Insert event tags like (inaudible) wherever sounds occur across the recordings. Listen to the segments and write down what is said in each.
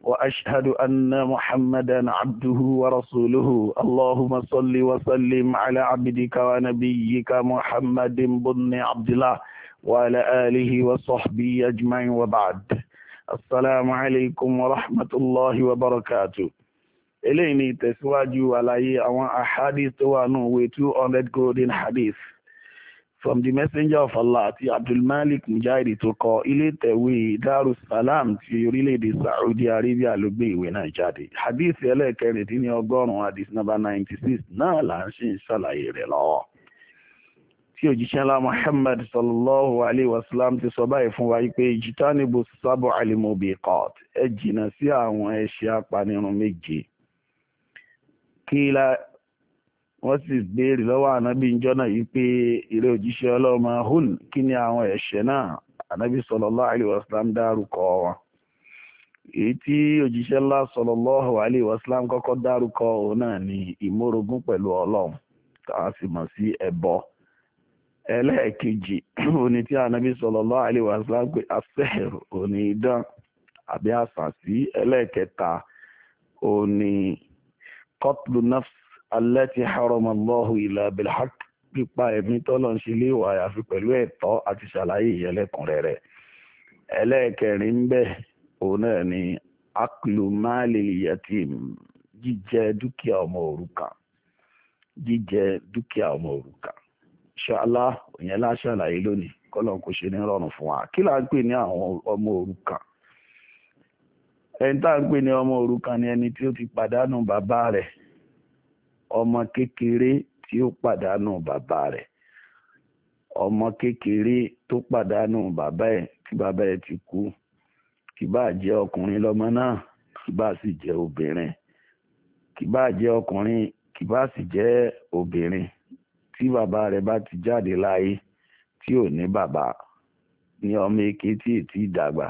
وأشهد أن محمدا عبده ورسوله اللهم صل وسلم على عبدك ونبيك محمد بن عبد الله وعلى آله وصحبه أجمعين وبعد السلام عليكم ورحمة الله وبركاته إليني تسواجي ولاي أحاديث وانو 200 golden hadith from the messenger of Allah àti abdulmalik mujahid tó kọ ilé tẹ̀wé darussalam ti orílẹ̀-èdè saudi arabia ló gbé ìwé náà jáde hadith ẹlẹ́ẹ̀kẹrin dín ní ọgọ́rùn-ún hadith number ninety six náà là ń ṣe ń ṣàlàyé rẹ̀ lọ́wọ́ tí òjíṣẹ́ ńlá muhammad sallallahu alayhi wa sallam ti sọ báyìí fún wa pé jitanibu sábọ alimobiqat ẹ jìnnà sí àwọn ẹ̀ṣẹ̀ apanirun méje kí wọ́n sì béèrè lọ́wọ́ ànábì ìjọ náà yìí pé eré òjíṣẹ́ ọlọ́mọ hun kí ni àwọn ẹ̀ṣẹ̀ náà ànábì sallallahu alaihi wasallam dárúkọ wọn èyí tí òjíṣẹ́ ńlá sallallahu alaihi kọ́kọ́ dárúkọ òun náà ni ìmórogún pẹ̀lú ọlọ́run sì mọ̀ sí ẹ̀bọ ẹlẹ́ẹ̀kejì (clears throat) tí ànábì allati harama Allahu illa bil pípa ẹ̀mí tọ́lọ̀ ń ṣe léèwọ̀ àyàfi pẹ̀lú ẹ̀tọ́ àti ṣàlàyé ìyẹlẹ́kùnrẹ́rẹ́ ẹlẹ́ẹ̀kẹrin ń bẹ̀ òun náà ni aklu mali yatim jíjẹ dúkìá ọmọ òrukàn jíjẹ dúkìá ọmọ òrukàn ṣọlá òyìn láṣàlàyé lónìí kọ́lọ̀ kò ṣe ní rọrùn fún wa kí là ń pè ní àwọn ọmọ oruka ẹni tá à ń pè ní ni ẹni tí ó ti bàbá ọmọ kékeré tí ó pàdánù bàbá rẹ̀ ọmọ kékeré tó pàdánù bàbá ẹ̀ tí bàbá ẹ̀ ti kú kì bá jẹ́ ọkùnrin lọ́mọ náà kì bá sì jẹ́ obìnrin kì bá jẹ́ ọkùnrin kì bá sì jẹ́ obìnrin tí bàbá rẹ̀ bá ti jáde láyé tí ò ní bàbá ní ọmọ èké tí ì tí dàgbà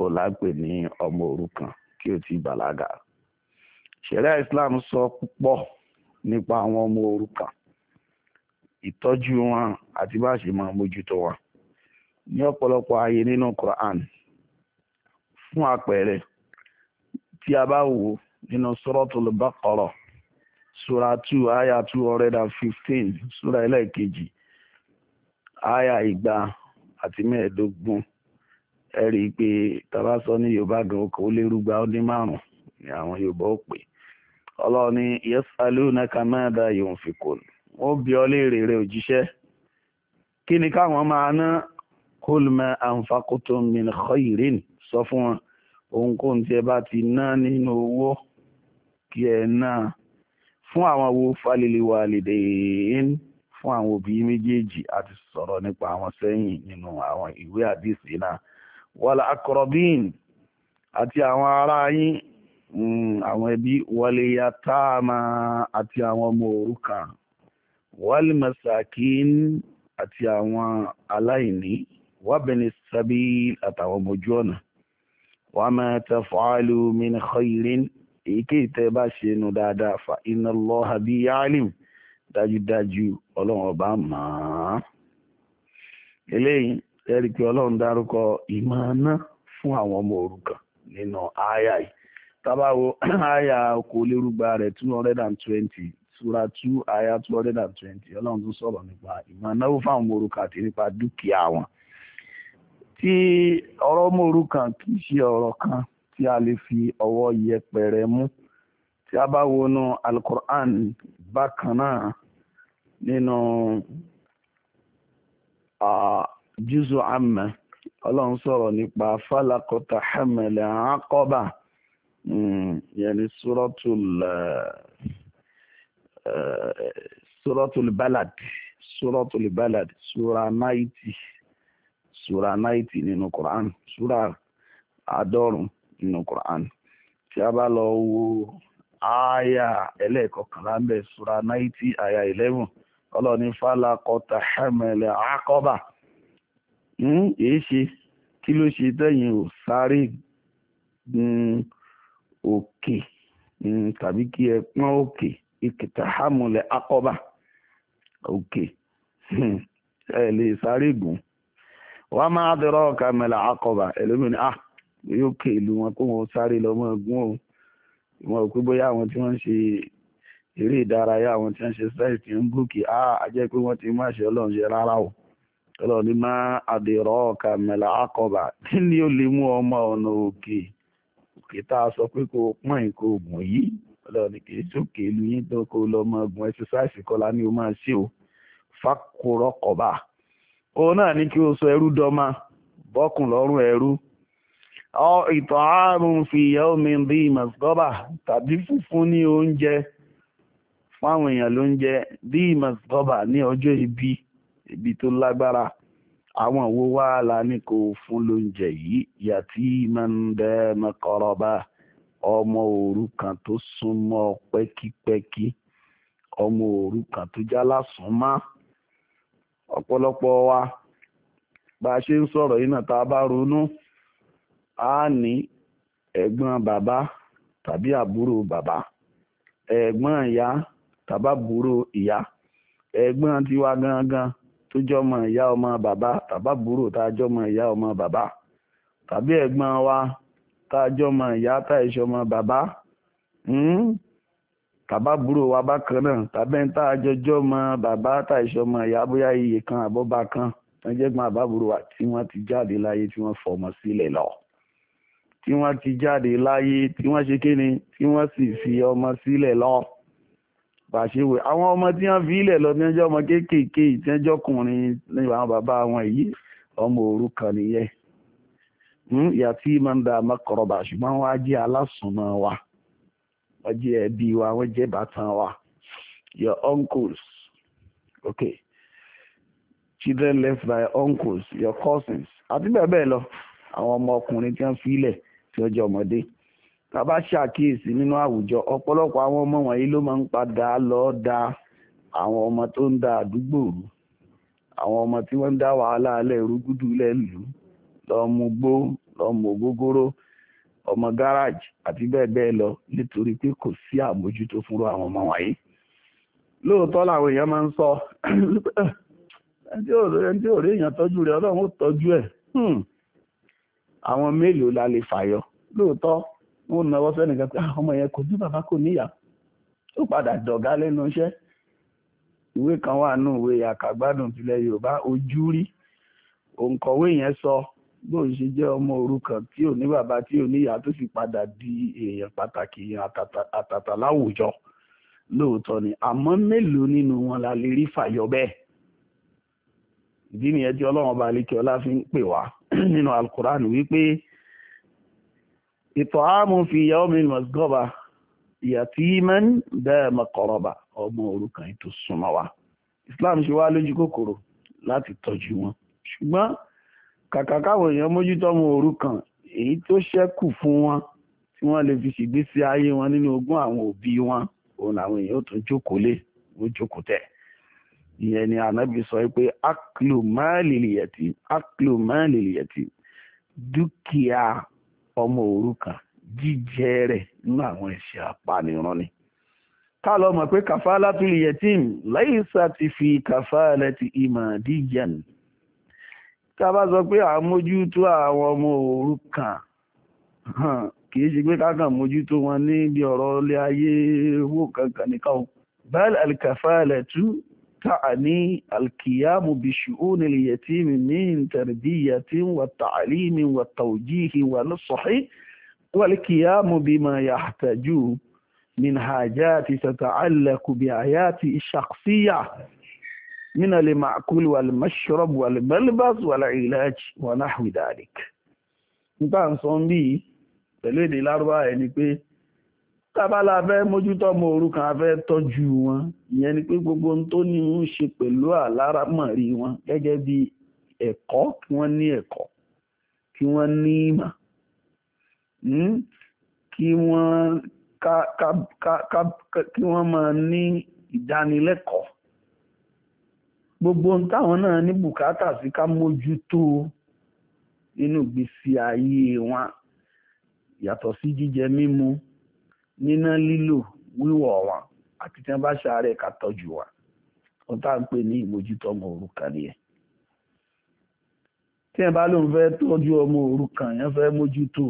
ó lápè ní ọmọ òrukàn tí ò tí bàlágà ṣẹ̀ríà Islam sọ púpọ̀ nípa àwọn ọmọ òrukàn ìtọ́jú wọn àti bá ṣe máa mójútó wọn ní ọ̀pọ̀lọpọ̀ ààyè nínú Quran fún àpẹẹrẹ tí a bá wò nínú Suratul Baqarah sura 2 aya 215 sura ẹlẹ́ẹ̀kejì aya ìgbà àti mẹ́ẹ̀ẹ́dógún ẹ̀rí pé tá bá sọ ní Yorùbá gan okòó lérúgba ó ní márùn-ún ni àwọn Yorùbá ò pè ọlọ́ọ̀ni yasalunaka madha yunfikun wọ́n bí ọ léèrè rẹ òjíṣẹ́ kí ni káwọn máa ná kul ma anfaqtum min khairin sọ fún wọn ohunkóhun tí ẹ bá ti ná nínú owó kí ẹ náà fún àwọn wo falili walidain fún àwọn òbí méjèèjì àti sọ̀rọ̀ nípa àwọn sẹ́yìn nínú àwọn ìwé àdìsí náà wal akrabin àti àwọn ará yín Mm, àwọn ẹbí wàlíyà táàmà àti àwọn ọmọ òrukàn wàlímọ̀sàkín àti àwọn aláìní wàbẹ̀ni sábí àtàwọn ọmọ ojú ọ̀nà wàá máa tẹ fàálù min khairin èyíkéyìí tẹ́ bá ṣe nu dáadáa fa inna Allaha bí yálìm dájúdájú ọlọ́run ọba máa eléyìí ẹ̀rí pé ọlọ́run dárúkọ ìmọ̀ náà fún àwọn ọmọ òrukàn nínú àyà yìí tabawo aya (clears throat) okolerugba rẹ two hundred and sura two aya two hundred and twenty ọlọ́run tún sọ̀rọ̀ nípa ìmọ̀ fáwọn orúkọ àti nípa tí ọ̀rọ̀ kan kì í ṣe ọ̀rọ̀ kan tí a lè fi ọwọ́ yẹpẹrẹ mú tí a bá wọnú alukur'an bákan náà nínú يعني سورة سورة البلد سورة البلد سورة نايتي سورة نايتي nínú Quran سورة àádọ́rùn nínú Quran tí a sura náìtì àyà eleven ọlọ́ni fálakọta hẹ́mẹ̀lẹ̀ àkọ́bà hmm, èé ṣe kí òkè mm, tàbí kí ẹ pọ́n òkè ìkìtà hamulẹ̀ akọ́bà òkè hmm, ẹ lè sáré gùn wàá máa dọ̀rọ̀ ọ̀ka mẹ́la akọ́bà ẹlòmíràn ah yóò kè ìlú wọn kó wọn sáré lọ mọ́ ẹ̀gún o wọn ò pé bóyá àwọn tí wọ́n ń ṣe eré ìdárayá àwọn tí wọ́n ń ṣe stress ti ń gòkè á ah, àjẹ́ pé wọ́n ti má ṣe ọlọ́run ṣe rárá o ọlọ́run ní má àdèrọ̀ ọ̀ka mẹ́la akọ́bà kí ni ó lè mú ọmọ ọ̀nà òkè òkè tá a sọ pé kó o pọ́n nǹkan oògùn yìí ọlọ́run ní kì í sókè ìlú yín tó kó o lọ mọ ogun ẹ̀sọ́sáìsì kọ́lá ni o máa ṣe o fákòrọ́ kọ̀bà òun náà ní kí o sọ ẹrú dọ́mà bọ́kùn lọ́rùn ẹrú ọ ààrùn fìyà omi bí mọ̀sgọ́bà tàbí fúnfún ní oúnjẹ fáwọn èèyàn lóúnjẹ bí mọ̀sgọ́bà ní ọjọ́ ibi ibi tó lágbára àwọn wo wa la ní kò fún lóúnjẹ yìí yàtí máa ń dẹ mẹkọrọba ọmọ òrukàn tó súnmọ́ pẹ́kípẹ́kí ọmọ òrukàn tó jálá súnmọ́ ọ̀pọ̀lọpọ̀ wa bá a ṣe ń sọ̀rọ̀ yìí náà tá a bá ronú a ní ẹ̀gbọ́n bàbá tàbí àbúrò bàbá ẹ̀gbọ́n ìyá tàbábúrò ìyá ẹ̀gbọ́n tiwa gangan tó jọ ọmọ ìyá ọmọ bàbá tàbá búrò tá a jọ ọmọ ìyá ọmọ bàbá tàbí ẹ̀gbọ́n wa tá a jọ ọmọ ìyá tá a ṣe ọmọ bàbá hmm, tàbá búrò wa bákan náà tàbí tá a jọ jọ ọmọ bàbá tá a ṣe ọmọ ìyá bóyá iye kan àbọ̀bá kan tó jẹ́ gbọ́n àbábúrò wa tí wọ́n ti jáde láyé tí wọ́n fọmọ sílẹ̀ lọ tí wọ́n ti jáde láyé tí wọ́n ṣe kéne tí wọ́n sì fi ọmọ sílẹ̀ lọ bàṣewé àwọn ọmọ tí wọ́n fi ilẹ̀ lọ ní ọjọ́ ọmọ kéékèèké tí wọ́n jọkùnrin ní àwọn bàbá wọn yìí ọmọ òrukàn nìyẹn hmm, ìyá tí máa ń da mọ́kọ̀rọ̀bà ṣùgbọ́n wọ́n á jẹ́ alásùnmọ́ wa wọ́n jẹ́ ẹbí wa wọ́n jẹ́ bàtàn wa your uncles okay children left by uncles your cousins àti bẹ́ẹ̀ bẹ́ẹ̀ lọ àwọn ọmọ ọkùnrin tí wọ́n fi ilẹ̀ tí wọ́n jẹ́ ọmọdé tàbá ṣàkíyèsí nínú àwùjọ ọ̀pọ̀lọpọ̀ àwọn ọmọ wọ̀nyí ló máa ń padà lọ da àwọn ọmọ tó ń da àdúgbò rú àwọn ọmọ tí wọ́n ń dá wàhálà alẹ́ rúgúdù lẹ́lù lọ́mú gbó lọ́mú ògógóró ọmọ gáràjì àti bẹ́ẹ̀ bẹ́ẹ̀ lọ nítorí pé kò sí àmójútó fúnrú àwọn ọmọ wọ̀nyí lóòótọ́ làwọn èèyàn máa ń sọ (clears throat) ẹni tí òré èèyàn tọ́jú rẹ̀ ọlọ́run ó tọ́jú ẹ̀ hmm. àwọn mélòó la lè fàyọ lóòótọ́ wọ́n náwó sẹ́nìkan pé ah, ọmọ yẹn kò ní bàbá kò níyà ó padà dọ̀gá lẹ́nu iṣẹ́ ìwé kan wà nù ìwé àkàgbádùn tilẹ̀ Yorùbá ojú rí òǹkọ̀wé yẹn sọ bóun ṣe jẹ́ ọmọ òrukàn tí ò ní bàbá tí ò níyà tó sì padà di èèyàn pàtàkì àtàtà láwùjọ lóòótọ́ ni àmọ́ mélòó nínú wọn la lè rí fàyọ bẹ́ẹ̀ ìdí nìyẹn tí Ọlọ́run ọba àlekè ọlá fi ń pè wá nínú Al-Qur'an wípé ìtọ̀hámù في yawmi masgọ́ba yatiman dẹ́ mọ̀kọ̀rọ̀bà ọmọ òrukàn ètò súnmọ́ wa islam ṣe wá lójú kòkòrò láti tọ́jú wọn ṣùgbọ́n kàkà káwọn èèyàn mójútó ọmọ òrukàn èyí tó ṣẹ́kù fún wọn tí wọ́n lè fi ṣègbésí ayé wọn nínú ogún àwọn òbí wọn òun làwọn èèyàn ó tún jókòó lé wọ́n jókòó tẹ̀ ìyẹn ni ànábì sọ pé aklu máàlì lìyẹ̀tì aklu máàlì lìyẹ̀tì dúkìá ọmọ òrukàn jíjẹ rẹ̀ nínú àwọn ẹ̀ṣẹ̀ apànìyàn ni ká lọ mọ̀ pé kàfàlà tún lè yẹtìm lẹ́yìn sáti fi kàfàlà ti ìmọ̀ díjàn ká bá sọ pé àmójútó àwọn ọmọ òrukàn kìí ṣe pé kákan mójútó wọn ní bí ọ̀rọ̀ ilé ayé owó kankan nìkan bẹ́ẹ̀ alìkàfàlà tún تعني القيام بشؤون اليتيم من تربية والتعليم والتوجيه والنصح والقيام بما يحتاج من حاجات تتعلق بحياته الشخصية من المأكل والمشرب والملبس والعلاج ونحو ذلك. nǹkan sọ ń bí pẹ̀lú èdè lárúbáwá tábàlà fẹ́ mójútó ọmọ òrukàn afẹ́ tọ́jú wọn ìyẹn ni pé gbogbo ohun tó ní ń ṣe pẹ̀lú àlámọ̀rí wọn gẹ́gẹ́ bí ẹ̀kọ́ kí wọ́n ní ẹ̀kọ́ kí wọ́n ní ìmọ̀ hmm, kí wọ́n kí wọ́n máa ní ìdánilẹ́kọ̀ọ́ gbogbo ohun táwọn náà ní bùkátà sí ká mójútó nínú ìgbésí ayé wọn yàtọ̀ sí jíjẹ mímu níná lílò wíwọ̀ wọn àti tí wọ́n bá ṣàárẹ̀ ká tọ́jú wa tá à ń pè ní ìmójútó ọmọ òrukàn nìyẹn tí wọ́n bá lóun ọmọ òrukàn yẹn fẹ́ mójútó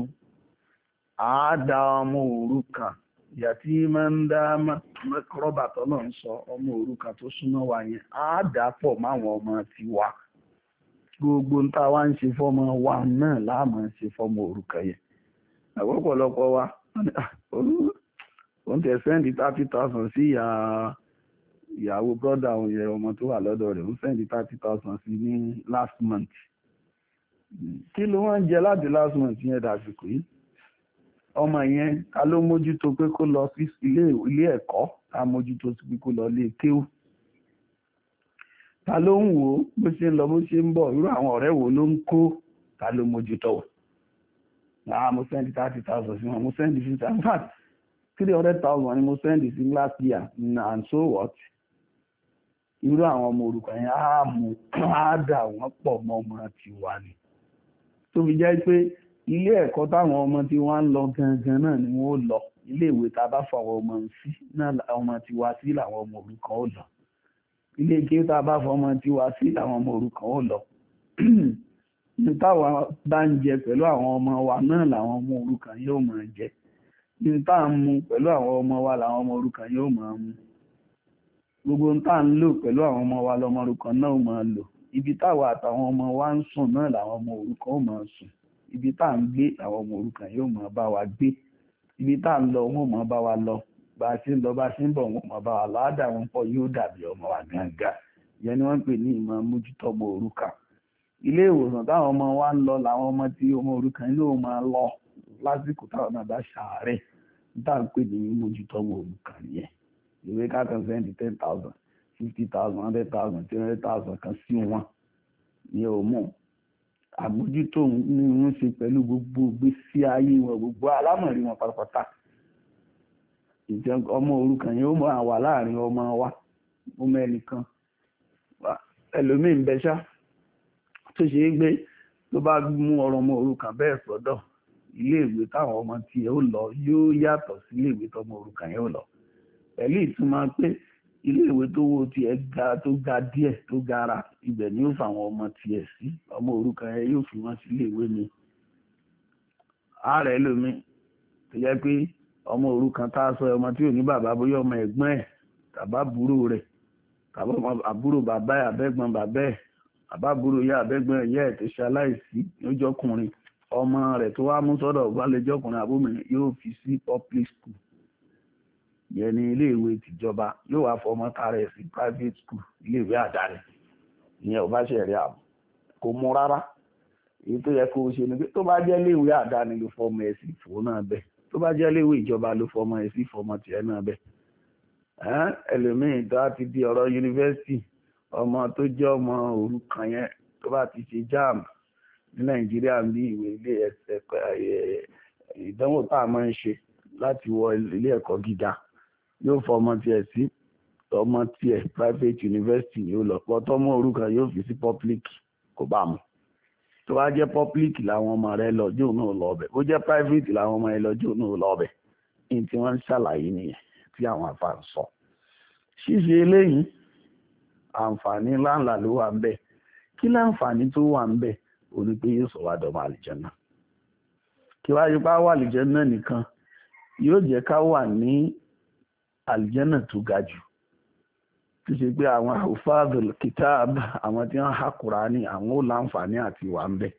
àádá ọmọ òrukàn yàtí máa ń dá ọmọ òrukàn tó súnmọ́ wa yẹn àádá pọ̀ máwọn ọmọ tiwa gbogbo ń ta wá ń ṣe wa náà láàmú ń ṣe òrukàn yẹn wa òun tẹ̀ sẹ́ndì thirty thousand sí ìyá ìyàwó brọ́dà òun yẹ ọmọ tó wà lọ́dọ̀ rẹ̀ òun sẹ́ndì thirty thousand sí ní last month kí ló wá ń jẹ láti last month yẹn dàsìkò yìí ọmọ yẹn ta ló mójútó pé kó lọ sí ilé ẹ̀kọ́ ta mójútó sí pé kó lọ ilé kéwù ta ló ń wò ó bó ṣe ń lọ bó ṣe ń bọ̀ irú àwọn ọ̀rẹ́ wo ló ń kó ta ló mójútó wọn ah mo send thirty thousand sí wọn send fifty in fact three hundred thousand ni mo send sí last year and so what irú àwọn ọmọ orúkọ yẹn á mú á dà wọ́n pọ̀ mọ́ ọmọ tiwa ni tó fi jẹ́ pé ilé ẹ̀kọ́ táwọn ọmọ tí wọ́n ń lọ gangan náà ni wọ́n lọ ilé ìwé tá a bá fọ àwọn ọmọ sí náà ọmọ tiwa sí làwọn ọmọ orúkọ ó lọ ilé ìké tá a bá fọ ọmọ tiwa sí làwọn ọmọ orúkọ ó lọ ní táwa bá ń jẹ pẹ̀lú àwọn ọmọ wa náà làwọn ọmọ òrukàn yóò máa jẹ ní tá à ń mu pẹ̀lú àwọn ọmọ wa làwọn ọmọ yóò máa mu gbogbo ń tá à ń ọmọ wa lọmọ òrukàn náà ó máa lò ibi táwa àtàwọn ọmọ wa ń sùn náà ọmọ òrukàn ó máa ibi tá à ń ọmọ òrukàn yóò máa bá wa gbé ibi tá à ń lọ wọn ò bá wa lọ bá a bá a lọ á dà wọn pọ̀ ọmọ wa gángan ìyẹn ni wọ́n ń pè ilé ìwòsàn táwọn ọmọ wa ń lọ làwọn ọmọ tí ọmọ òrukàn yóò máa lọ lásìkò táwọn náà bá ṣàárẹ̀ níta ń pè ní mójútó ọmọ òrukàn yẹn ìwé kákan sẹ́ńtì ten thousand fifty thousand hundred thousand three hundred thousand kan sí wọn ní òmù àbójútó ni wọ́n ṣe pẹ̀lú gbogbo gbèsè ayé wọn gbogbo alámọ̀rí wọn pátápátá ìjẹ ọmọ òrukàn yẹn ó máa wà láàrin ọmọ wa ọmọ ẹnìkan ẹlòmíín bẹ ṣáá tó ṣe é gbé tó bá mú ọ̀rọ̀ ọmọ òrukàn bẹ́ẹ̀ sọ́dọ̀ iléèwé táwọn ọmọ tiẹ̀ ó lọ yóò yàtọ̀ sí iléèwé tọmọ òrukàn yẹn ó lọ pẹ̀lú ìtumọ̀ pé iléèwé tó wó tiẹ̀ ga tó ga díẹ̀ tó gara ibẹ̀ ni ó fa àwọn ọmọ tiẹ̀ sí ọmọ òrukàn yẹn yóò fi wọ́n sí iléèwé mi ààrẹ lómi tó jẹ́ pé ọmọ òrukàn tá a sọ ọmọ tí ò ní bàbá bóyá ọmọ ẹ̀gbọ́n ẹ̀ tàbá àbúrò rẹ̀ tàbá àbúrò bàbá ẹ̀ abẹ́gbọ́n bàbá ẹ̀ àbábúrò ya àbẹ́gbọ́n ìyá ẹ̀ tó ṣe aláìsí lójọ́kùnrin ọmọ rẹ̀ tó wá mú sọ́dọ̀ ọ̀gbálẹ́jọ́kùnrin àbómìnir yóò fi sí public school yẹn ní iléèwé tìjọba yóò wá fọmọ tààrẹ sí private school iléèwé àdáni ìyẹn ò bá ṣe rí àmọ́ kò mú rárá èyí tó yẹ kó o ṣe ni pé tó bá jẹ́ iléèwé àdáni ló fọmọ ẹ̀ sí ìfowó náà bẹ́ẹ̀ tó bá jẹ́ iléèwé ìjọba ló fọmọ ẹ̀ sí ìfọmọ tiẹ̀ náà bẹ́ẹ̀ ẹlòmíì tó á ti di ọ̀rọ̀ yunifásitì ọmọ tó jẹ́ ọmọ òrukàn yẹn tó bá ti ṣe JAMB ní nàìjíríà ń bí ìwé ilé ẹsẹ̀ ìdánwò tá a máa ń ṣe láti wọ ilé ẹ̀kọ́ gíga yóò fọ ọmọ tiẹ̀ sí ọmọ tiẹ̀ private university yóò lọ pọ́tọ́ mọ́ òrukàn yóò fi sí public kò bá mu tó bá jẹ́ public làwọn ọmọ rẹ lọ jóò náà lọ ọbẹ̀ ó jẹ́ private làwọn ọmọ rẹ lọ jóò náà lọ ọbẹ̀ ní tí wọ́n ń ṣàlàyé nìyẹn tí àwọn àfa ń sọ ṣíṣe eléyìí àǹfààní ńláńlá ló wà ń bẹ̀ kí láǹfààní tó wà ń bẹ̀ ó ní pé yóò sọ wá dọ̀mọ àlìjẹ́nà kí wá yípa wà àlìjẹ́nà nìkan yóò jẹ́ ká wà ní àlìjẹ́nà tó ga jù tó ṣe pé àwọn hufadul kitab àwọn tí wọ́n há Kùránì àwọn ò láǹfààní àti wà ń bẹ̀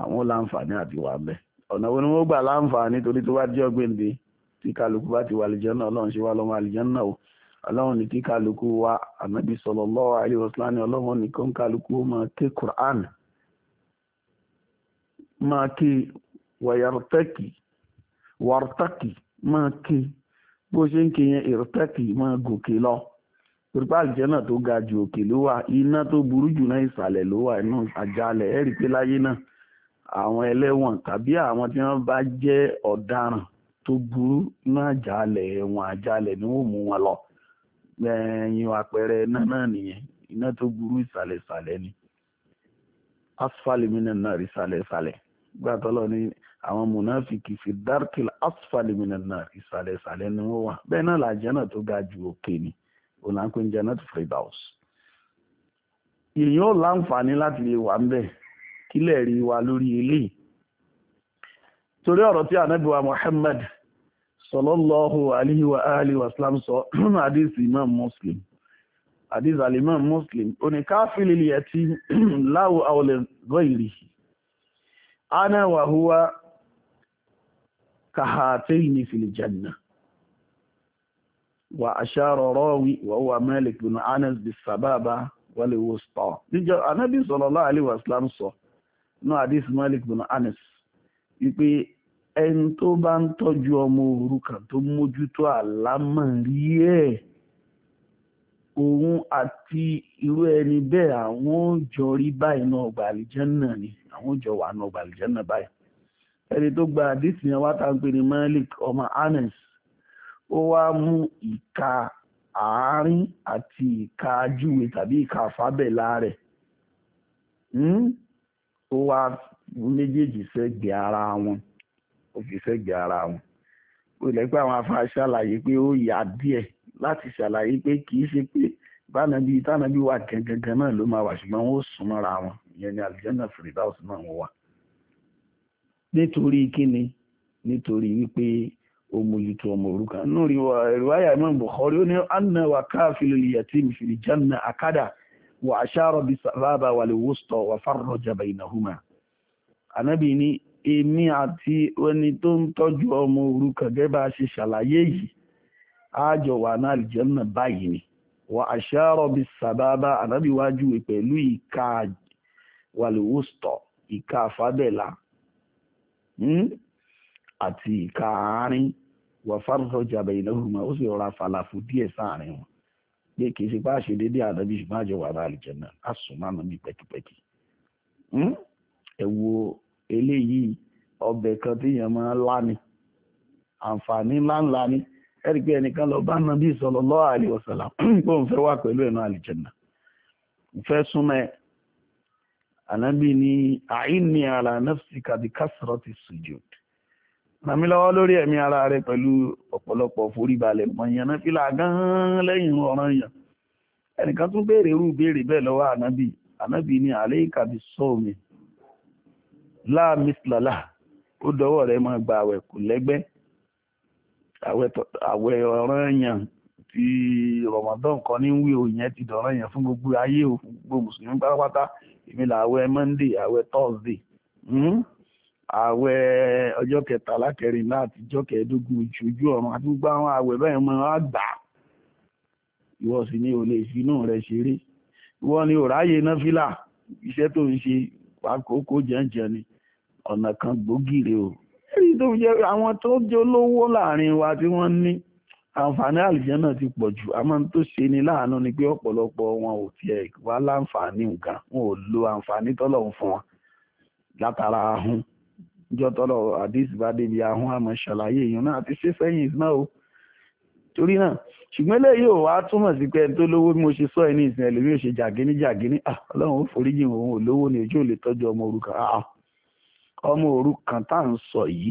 àwọn ò láǹfààní àti wà ń bẹ̀ ọ̀nà wo ni wọ́n gbà láǹfààní torí tó bá jẹ́ ọ̀gbẹ́ǹde tí kálukú bá ti wà àlìjẹ́nà ọlọ́run ṣe wá lọ́mọ àlìjẹ́nà o ọlọ́run ní kí kálukú wa ànábì sallallahu alaihi wasallam ní ọlọ́run ní kó ń kálukú máa ké quran máa ké wàyàrtẹ́kì wàrtẹ́kì máa ké bó ṣe ń ké yẹn ìrtẹ́kì máa gòkè lọ pípa àlùjẹ́nà tó ga ju òkè ló wà iná tó burú jù náà ìsàlẹ̀ ló wà inú àjálẹ̀ ẹ̀rí pé láyé náà àwọn ẹlẹ́wọ̀n tàbí àwọn tí wọ́n bá jẹ́ ọ̀daràn tó burú náà àjálẹ̀ ẹ̀wọ̀n àjálẹ̀ ni wọ́n mú wọn lọ. ẹ̀yìn àpẹẹrẹ iná náà nìyẹn iná tó burú ni asfaw náà rí sàlẹ̀sàlẹ̀ gbàtọ́lọ́ ni àwọn mùnáfìkì fi dárkìl asfalimina náà rí ni wọ́n wà bẹ́ẹ̀ náà làjẹ́ náà tó ga ju òkè ni òlànkún jannat fredaus èèyàn láǹfààní láti lè wà ń bẹ̀ kílẹ̀ rí wa lórí eléyìí torí ọ̀rọ̀ tí muhammed. sọlọ́lọ́hu alihi wa alihi wa islam sọ (clears throat) hadith imam muslim hadith alimam muslim oníkáfílì yẹtí láwù àwọlẹ̀ gọ́ìrì ana wa huwa kahataini fil janna wa ashara rawi wa huwa malik bin anas bis sababa wal wusta níjọ anábì sallallahu alaihi wa islam sọ náà hadith malik bin anas ẹni tó bá ń tọ́jú ọmọ òrukàn tó mójútó àlámọ̀rí ẹ̀ òun àti irú ẹni bẹ́ẹ̀ àwọn òjò rí báyìí náà ọgbà àlìjẹ́nà ni àwọn òjò wà náà ọgbà àlìjẹ́nà báyìí ẹni tó gba àdísì yẹn wá tá ń pè ní Malik ọmọ Anas ó wá mú ìka àárín àti ìka ajúwe tàbí ìka àfábẹ́lá rẹ̀ hmm? ó wá méjèèjì sẹ́gbẹ̀ẹ́ ara wọn ó fi sẹ́gbẹ̀ẹ́ ara wọn kò lẹ́ pé àwọn afa ṣàlàyé pé ó yà díẹ̀ láti ṣàlàyé pé kì ṣe pé bánabi tánabi wà gangan náà ló máa wà ṣùgbọ́n ó sún mọ́ra wọn ìyẹn ni aljanna firdaus náà ń wà nítorí kíni nítorí wípé ó mójútó ọmọ òrukàn nínú ìrìwáyà Imam Bukhari ó ní anna wa kafilul yatim fil janna akada wa ashara bisababa wal wusta wa farraja bainahuma ànábì ní èmi àti ẹni tó ń tọ́jú ọmọ òrukàn gẹ́gẹ́ a ṣe ṣàlàyé yìí àjọ wà náà àlìjẹ́nà báyìí ni wà àṣàrọ̀ bí sàbábà ànábìwájú pẹ̀lú ìka wàlúwòsítọ̀ ìka fábẹ́là hmm, àti ìka àárín wà fárúfọ́jà bẹ̀yìn lọ́hùnmá ó sì rọra fàlàfù díẹ̀ sáàrin wọn pé kì í ṣe dédé wà náà pẹ́kipẹ́ki hmm, ẹ wo eléyìí ọbẹ̀ kan tí èèyàn máa lá àǹfààní ńláńlá ẹnìkan lọ bá nàbí sallallahu alaihi wasallam (clears throat) pé òun fẹ́ wà pẹ̀lú ẹ̀nu àlìjẹ̀nà ìfẹ́ súnmọ́ ànábì ní àìní ala nafsika bi kasrati lọ́wọ́ lórí ẹ̀mí ara rẹ̀ pẹ̀lú ọ̀pọ̀lọpọ̀ náà fílà gan-an lẹ́yìn ọ̀ràn ẹnìkan tún béèrè irú béèrè láàmìsìlálà ó dọwọ́ rẹ̀ máa gba àwẹ̀ kò lẹ́gbẹ́ àwẹ̀ ọ̀ranyàn ti Ramadan kan ní wí o yẹn ti dọ̀ranyàn fún gbogbo ayé o fún gbogbo mùsùlùmí pátápátá èmi là àwẹ̀ Monday àwẹ̀ Thursday hmm? àwẹ̀ ọjọ́ kẹtàlá kẹrìnlá àti ọjọ́ kẹẹ̀ẹ́dógún ìṣojú ọ̀run àti gbogbo àwọn àwẹ̀ báyìí máa gbà á ìwọ sì ni ò lè fi inú rẹ ṣeré ìwọ ni ò ráyè náfìlà iṣẹ́ tó ń ṣe àkókò jẹ́ǹjẹ́ ni ọ̀nà kan gbòógì o èyí tó jẹ́ àwọn tó jẹ́ olówó láàrin wa tí wọ́n ní àǹfààní àlìjẹ́nà ti pọ̀ jù àmọ́ tó ṣe ni láàánú ni pé ọ̀pọ̀lọpọ̀ wọn ò tiẹ̀ wá láǹfààní nǹkan wọn ò lo àǹfààní tọ́lọ́run fún wọn látara ahun ìjọ tọ́lọ̀ àdísì bá débi ahun àmọ́ ṣàlàyé èèyàn náà àti ṣé sẹ́yìn náà o torí náà ṣùgbọ́n eléyìí ò wá túmọ̀ sí pé ẹni tó lówó bí mo ṣe sọ ẹ̀ ní ìsìn ẹlòmíì ṣe jàgínní jàgínní ah, ọlọ́run ó foríjì òun ò lówó ni ojú ò lè tọ́jú ọmọ òrukàn ah, ọmọ òrukàn tá à ń sọ yìí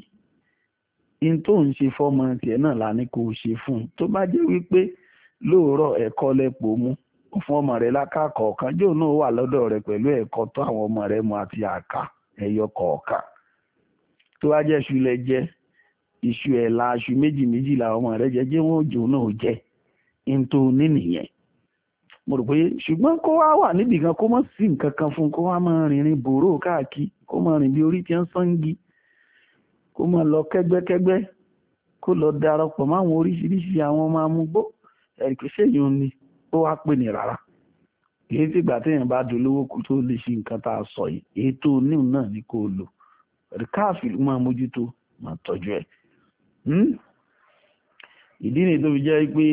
in tó ń ṣe tiẹ̀ náà la ní kó o ṣe fún tó bá jẹ́ wípé lóòrọ ẹ̀kọ́ lẹ́pọ̀ mú fún ọmọ rẹ̀ lákàkọ̀ kan jóò náà wà lọ́dọ̀ rẹ̀ pẹ̀lú ẹ̀kọ́ ọmọ rẹ mu àti àká tó bá lẹ la ọmọ jẹ náà jẹ in mo rò pé ṣùgbọ́n kó wá wà níbì kan kó mọ̀ sí nǹkan kan fún kó wá máa rìnrìn bòró káàkiri kó máa rìn bí orí tí ń sangi kó máa lọ kẹ́gbẹ́kẹ́gbẹ́ kó lọ darapọ̀ máwọn oríṣiríṣi àwọn ọmọ amúgbó ẹ̀rí pé ṣéyìn ni ó wá pè ní rárá èyí tí ìgbà téèyàn bá dolówó kú tó lè ṣe nǹkan tá a sọ yìí èyí tó níhùn náà ni kó lò ríkáàfì ló máa mójútó máa tọ́jú ẹ̀ hmm? ìdí nìyí tó fi jẹ́ pé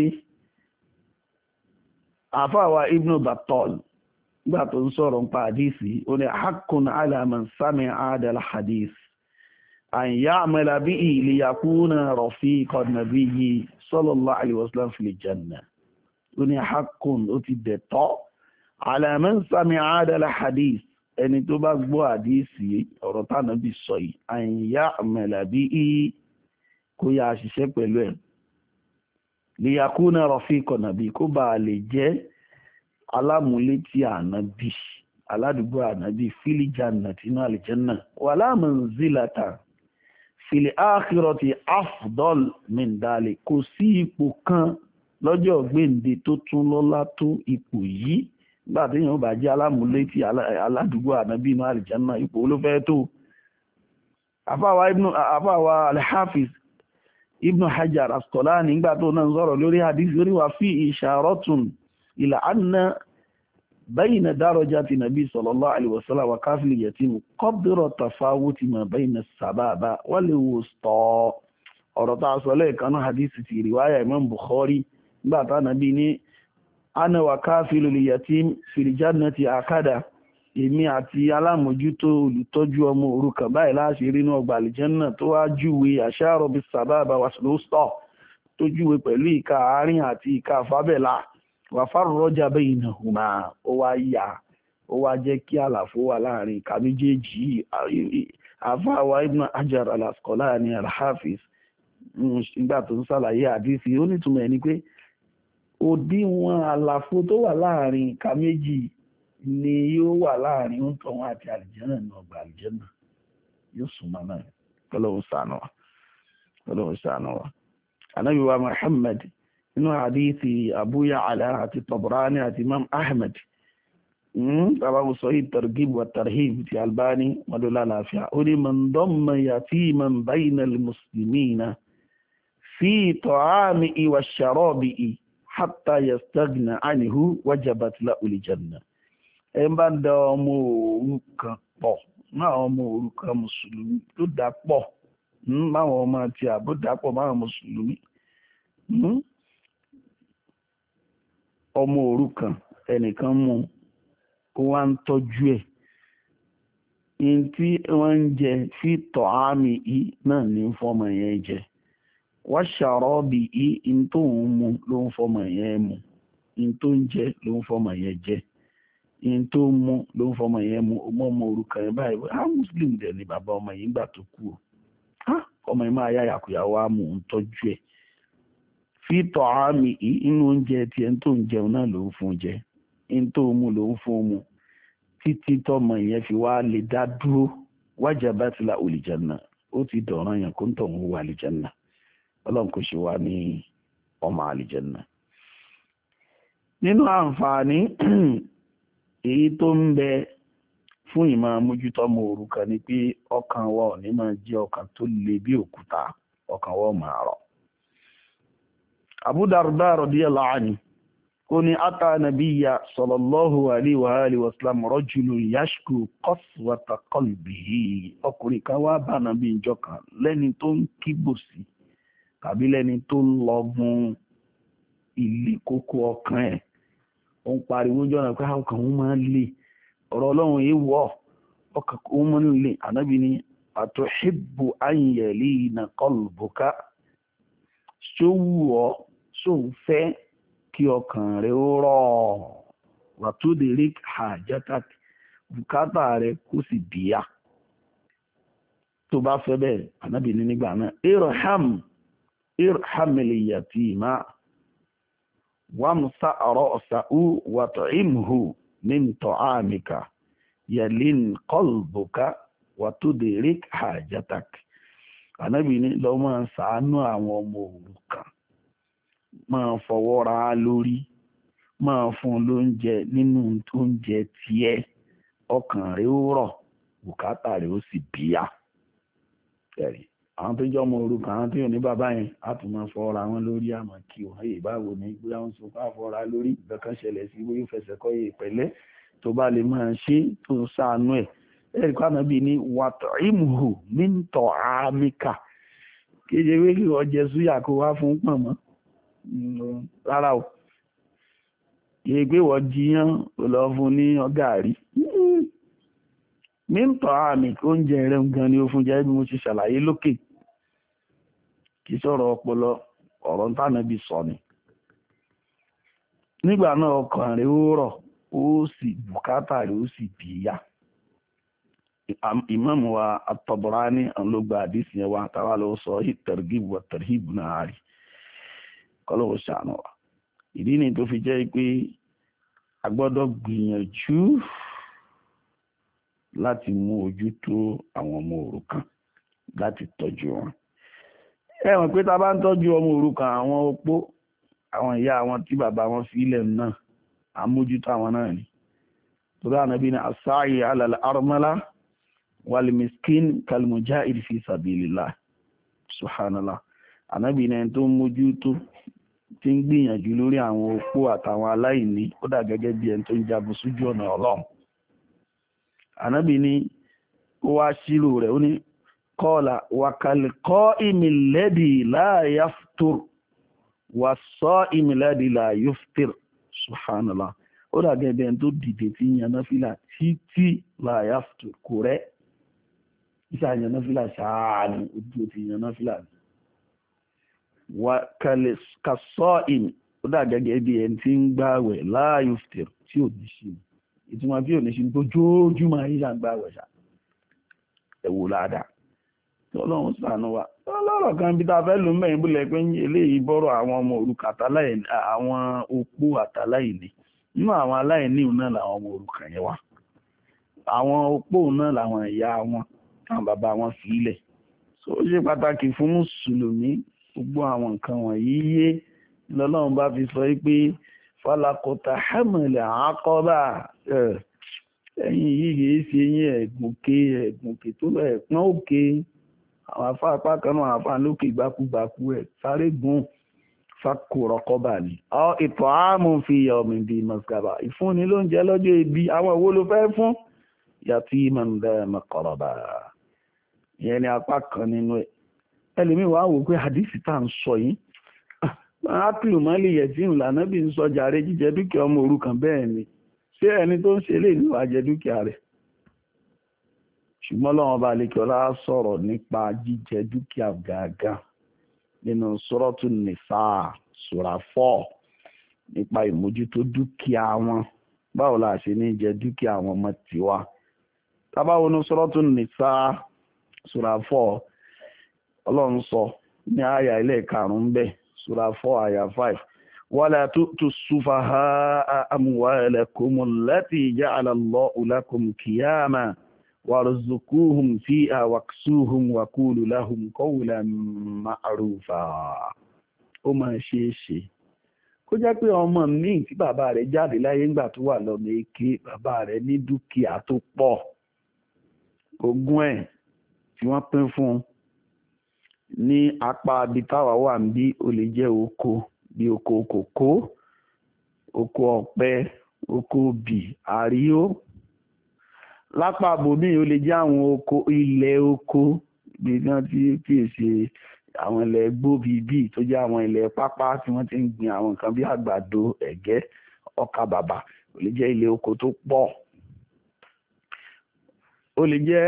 àfáàwà ibnu batol gbà tó ń sọ̀rọ̀ ń pa àdísì ó ní hakun alaman sami adal hadis an yá àmàlà bí ilé yakuna rọ̀fí kọ̀dùnàbí yìí sallallahu alaihi wasallam fil janna ó ní hakun ó ti dẹ̀tọ́ alaman sami adal hadis ẹni tó bá gbọ́ àdísì ọ̀rọ̀ tánàbí sọ yìí an yá àmàlà bí kó yá ṣiṣẹ́ pẹ̀lú ẹ̀ lìyàkúnà rọ̀fíkọ̀ nàbí kó bá a lè jẹ́ alámúlétí ànábì aládùúgbò ànábì fílì jannà tí náà lè jẹ́nà wà láàmùnzílàtà fìlì áàkìrọ̀ ti afdol mindale kò sí ipò kan lọ́jọ́ gbèǹde tó tún lọ́lá tó ipò yìí nígbà tí èèyàn bá jẹ́ alámúlétí aládùúgbò ànábì náà lè jẹ́nà ipò ló fẹ́ alhafiz ibn hajar asqalani nígbà tó náà sọ̀rọ̀ lórí hadith lórí wà fi isharatun ila anna bayna darajati nabi sallallahu alaihi wasallam wa kafil yatim qadra tafawuti ma bayna sababa wal wusta ọ̀rọ̀ tá a sọ lẹ́ẹ̀kan náà hadith ti riwaya imam bukhari nígbà tá nabi ní ana wa kafilul yatim fil jannati akada èmi àti alámòjútó olùtọ́jú ọmọ òrukàn báyìí láṣẹ rínú ọgbà àlìjẹ́nà tó wá júwe àṣàròbí sàbáàbà wàṣọlọ́sọ̀ tó júwe pẹ̀lú ìka àárín àti ìka fábẹ́là wàfáàrù rọ́jà bẹ́yìn náà hùmà ó wá yà ó wá jẹ́ kí àlàfo wà láàrin ìka méjèèjì àfáàwá ibn hajar al-asqalani al nígbà tó ń ṣàlàyé àdìsí ó nítumọ̀ ẹni pé òdiwọ̀n àlàfo tó wà láàrin ìka méjì ni yóò wà láàrin òǹtọ̀hún àti àlìjẹ́nà ní ọgbà àlìjẹ́nà yóò súnmọ́ náà kọlọ́hún sànù wa kọlọ́hún sànù wa. anabi wa muhammad inú hadithi abu ala àti tabrani àti imam ahmed bàbá mo sọ yìí targhib wa tarhib ti albani wọn ló lálàáfíà ó ní man damma yatiman bayna al-muslimina fi ta'amihi wa sharabihi hatta yastagna anhu wajabat lahu al-jannah. e bá ń da ọmọ kan pọ máa ọmọ kan mùsùlùmí tó dà pọ hmm, máwọn ọmọ àti àbó dà pọ máwọn mùsùlùmí hmm. ọmọ òrukàn ẹnìkan mú kó wá ń tọ́jú ẹ̀ ń jẹ fi tọ̀ ámì yìí náà ní yẹn jẹ wọ́n ṣàrọ́bì yìí in tó ló ń in tó mú ló ń fọmọ yẹn mú ọmọ ọmọ òrukàn yẹn báyìí ha muslim dẹ ni bàbá ọmọ yìí gbà tó kú o ọmọ yìí máa yá yàkùyà wá mú un fi àmì oúnjẹ tiẹ̀ ń tó ń jẹun náà ló ń fún jẹ in tó mú ló ń fún títí tọmọ yẹn fi wá lè dá dúró wájà bá ti la olùjẹ́nà ó ti dọ̀ràn yẹn kó ń tọ̀ ń wà èyí tó ń bẹ fún ìmọ̀ mójútó ọmọ òrukàn ni pé ọkàn wa ò ní máa jẹ́ ọkàn tó le bí òkúta ọkàn wa ò Abu Darda radiyallahu anhu ó ní ata nabiyya sallallahu alaihi wa alihi wasallam rajulun yashku qaswata qalbihi ọkùnrin kan wá bá nàbí ìjọ kan lẹ́ni tó ń kígbòsí tàbí lẹ́ni tó ń ó ń pariwo jọ́nà pé ọkàn òun máa ń ọ̀rọ̀ ọlọ́run yìí wọ̀ òun máa ń ànábì ni àtúnṣíbù fẹ́ kí ọkàn rẹ̀ ó rọ̀ wàtúndìrí àjẹtà bùkátà rẹ̀ kó sì bíyà tó bá fẹ́ bẹ́ẹ̀ ànábì ni nígbà náà irham máa. wamsa ra'sahu wat'imhu min ta'amika yalin qalbuka watudirik hajatak ànábì ní lọ máa ṣàánú àwọn ọmọ òrukàn máa fọwọ́ ra lórí máa fún lóúnjẹ nínú oúnjẹ tiẹ̀ ọkàn rẹ̀ ó rọ̀ bùkátà rẹ̀ ó sì bíyà ẹ̀rí àwọn tó jọmọ orúkọ àwọn tó yàn ní bàbá yẹn á tún máa fọ́ra wọn lórí àmọ́ kí wọn èyí báwo ni bóyá wọn sọ fún àfọ́ra lórí ìgbẹ́kan ṣẹlẹ̀ sí bóyá fẹsẹ̀ kọ́ yẹ pẹ̀lẹ́ tó bá lè máa ṣe tó ń sàánú ẹ̀ ẹ̀rí kwana bíi ní wàtọ̀ ìmùhù ní tọ̀ àmìkà kéde wé kí wọ́n jẹ súyà kó wá fún pọ̀nmọ́ rárá o kéde pé wọ́n jiyàn lọ fún ní gàrí ní tọ̀ àmì oúnjẹ rẹ̀ gan ni ó fún jẹ́ bí mo ti ṣàlàyé lókè kì í sọ̀rọ̀ ọpọlọ ọ̀rọ̀ ń bí sọ ni nígbà náà ọkàn rẹ̀ ó rọ̀ ó sì bùkátà rẹ̀ ó sì bìíyà ìmáàmù wa àtọ̀bọ̀rání ọlọ́gbà àdìsí yẹn wa táwa ló sọ ìtẹ̀rìgìbù wa náà rí kọ́lọ́wọ́ ṣàánú wa ìdí ni tó fi jẹ́ pé a gbìyànjú láti mú ojú tó àwọn ọmọ ẹ mọ̀ pé ta bá ń tọ́jú ọmọ òrukàn àwọn opó àwọn ìyá àwọn tí bàbá wọn fi ilẹ̀ náà àmójútó àwọn náà ni torí ànábì ní asáyè alàlà armala walimiskin kalmuja irfi sabilillah subhanallah ànábì ní ẹni tó ń mójútó tí ń gbìyànjú lórí àwọn opó àtàwọn aláìní ó dà gẹ́gẹ́ bí ẹni tó ń jagun sójú ọ̀nà ọlọ́run ànábì ní ó wá sílò rẹ̀ ó ní kọ́ọ̀là wàkàlìkọ́ ìmìlẹ́dì láàyàftur wà sọ ìmìlẹ́dì láàyàftur subhanallah ó dàgẹ́ bẹ́ẹ̀ tó dìde tí yanáfílà títí láàyàftur kò rẹ́ ìṣà yanáfílà ṣáà ni ojú ti yanáfílà ni wà kàsọ́ ìmì ó dà gẹ́gẹ́ bí ẹni tí ń gbààwẹ̀ láàyùftìr tí ò ní ṣe ìtumọ̀ tí ò ní ṣe tó jójúmọ́ ayé ṣàgbàwẹ̀ ṣá ẹ̀wò tọ́lọ́run ṣàánú wa lọ́rọ̀ kan bí ta fẹ́ lù mẹ́rin búlẹ̀ pé eléyìí bọ́rọ̀ àwọn ọmọ òrùka àtàláìní àwọn opó àtàláìní nínú àwọn aláìní náà làwọn ọmọ òrùka yẹn wà àwọn opó náà làwọn ìyá wọn àwọn bàbá wọn fi ilẹ̀ so ó ṣe pàtàkì fún mùsùlùmí gbogbo àwọn nǹkan wọ̀nyí yé lọ́lọ́run bá fi sọ pé falakota hamilẹ̀ àkọ́bà ẹ̀yìn yìí kì í ṣe yín ẹ̀gùnkè ẹ̀gùnkè tó lọ ẹ̀pọ́n òkè àwọn afá apá kan náà afá lókè gbákúgbákú ẹ̀ sáré gùn fakùrọ̀kọ́bà ni. ọ ìtọ̀ àmú fi ìyà ọmọ ìdí mọ̀sgàbà ìfúnni ló ń jẹ́ lọ́jọ́ ibi àwọn owó ló fẹ́ fún yàtí mọ̀ndẹ́ mọ̀kọ̀rọ̀bà ìyẹn ni apá kan nínú ẹ̀ ẹlòmíì wàá wò pé àdìsí tá à ń sọ yìí (laughs) ápìlù mọ́lì yẹ̀tìmù lànà bí ń sọ jàre jíjẹ dúkìá ọmọ òrukàn bẹ́ẹ̀ ni ṣé ẹni tó ń ṣe lè níwàá dúkìá rẹ̀ ṣùgbọ́n ọba àlekíọ́lá sọ̀rọ̀ nípa jíjẹ dúkìá gàgà nínú sọ́rọ́tù nìfà sùrà nípa ìmójútó dúkìá wọn báwo la ṣe ní jẹ dúkìá àwọn ọmọ tiwa tábàwọn ní sọ́rọ́tù nìfà sùrà ọlọ́run sọ ní àyà ilé karùn-ún bẹ́ẹ̀ àyà five warzukuhum fiha waksuhum wakulu lahum qawlan ma'rufa ó máa ṣe é ṣe kó jẹ́ pé ọmọ míì tí bàbá rẹ̀ jáde láyé ńgbà tó wà lọ́mọ èké bàbá rẹ̀ ní dúkìá tó pọ̀ ogún ẹ̀ tí wọ́n pín fún un ní apá ibi táwa wà ń bí ó lè oko bí oko kòkó oko ọ̀pẹ oko obì àríó lápá bòmí ó lè jẹ́ àwọn oko ilẹ̀ oko bí wọ́n ti pèsè àwọn ilẹ̀ gbòbí bíi tó jẹ́ àwọn ilẹ̀ pápá tí wọ́n ti ń gbin àwọn nǹkan bí àgbàdo ẹ̀gẹ́ ọkà bàbà ó lè jẹ́ ilẹ̀ oko tó pọ̀ ó lè jẹ́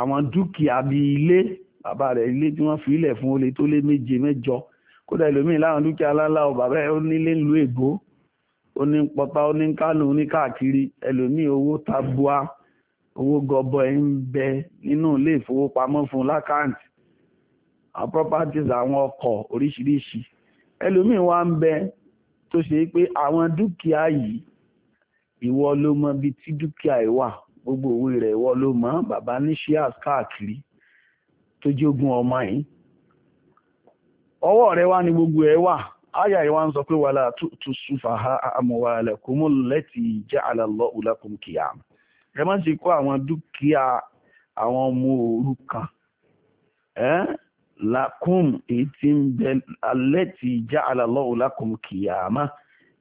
àwọn dúkìá bíi ilé bàbá rẹ̀ ilé tí wọ́n fi ilẹ̀ fún ó lè tó lé méje mẹ́jọ kódà ẹlòmíì láwọn dúkìá ńláńlá o bàbá ẹ̀ ó nílé ńlú ègbó ó ní pọpá ó ní kánò ó ní káàkiri ẹlòmíì owó tabua owó gọbọi ń bẹ nínú ilé ìfowópamọ́ fún lákàntì àwọn properties àwọn ọkọ̀ oríṣiríṣi ẹlòmíín wá ń bẹ tó ṣe pé àwọn dúkìá yìí ìwọ ló mọ bí tí dúkìá yìí wà gbogbo òwe rẹ̀ ìwọ ló mọ bàbá ní shares káàkiri tó jogún ọmọ yìí ọwọ́ rẹ̀ wá ní gbogbo ẹ̀ wà áyà ìwá ń sọ pé wàhálà tó sùfà ha àmọ̀wà lẹ́kùnmọ́ lẹ́tì jẹ́ àlàlọ́ òlẹ́kùn kìyàmù ẹ má ṣe kó àwọn dúkìá àwọn ọmọ òrukàn lakum èyí tí ń bẹ alẹ́ ti já alàlọ́wọ́ lakum kìyàmá